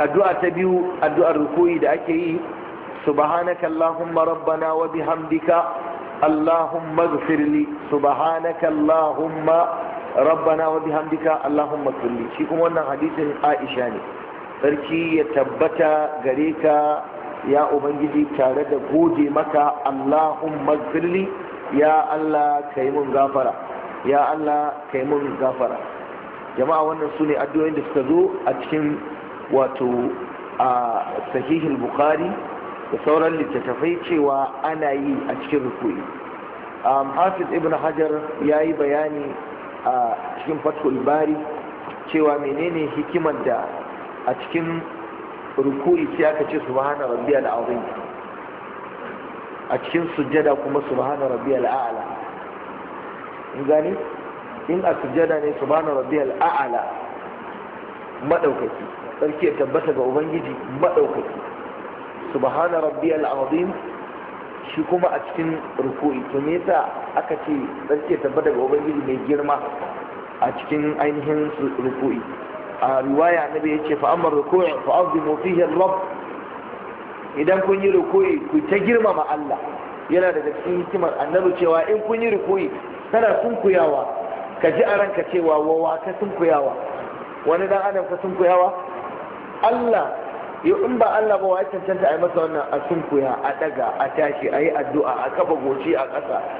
addu'a ta biyu addu'ar rukuyi da ake yi subhanaka allahumma rabbana wa bihamdika allahumma ighfir li subhanaka allahumma rabbana wa bihamdika allahumma ighfir li shi kuma wannan hadisin Aisha ne sarki ya tabbata gare ka ya ubangiji tare da gode maka allahumma ighfir li ya Allah ka yi mun gafara ya Allah ka yi mun gafara jama'a wannan su ne addu'o'in da suka zo a cikin wato a sahihin bukhari da sauran littattafai cewa ana yi a cikin rukuni hafiz ibn hajar ya yi bayani a cikin fatul bari cewa menene hikimar da a cikin rukuni sai aka ce subhana al azim a cikin sujjada kuma subhana al a'la in gani in a sujjada ne subhana al a'la madaukaki sarki ya tabbata ga ubangiji madaukaki subhana rabbiyal azim shi kuma a cikin ruku'i to me yasa aka ce sarki ya tabbata ga ubangiji mai girma a cikin ainihin ruku'i a riwaya annabi yace fa amma ruku'i fa azimu fihi rabb idan kun yi ruku'i ku ta girmama Allah yana daga cikin hikimar annabi cewa in kun yi ruku'i kana sunkuyawa ka ji a ranka cewa wawa ka sunkuyawa wani dan adam ka sun kuyawa Allah ya in ba Allah ba wai cancanta a yi masa wannan a sun kuya a daga a tashi a yi addu'a a kafa goci a ƙasa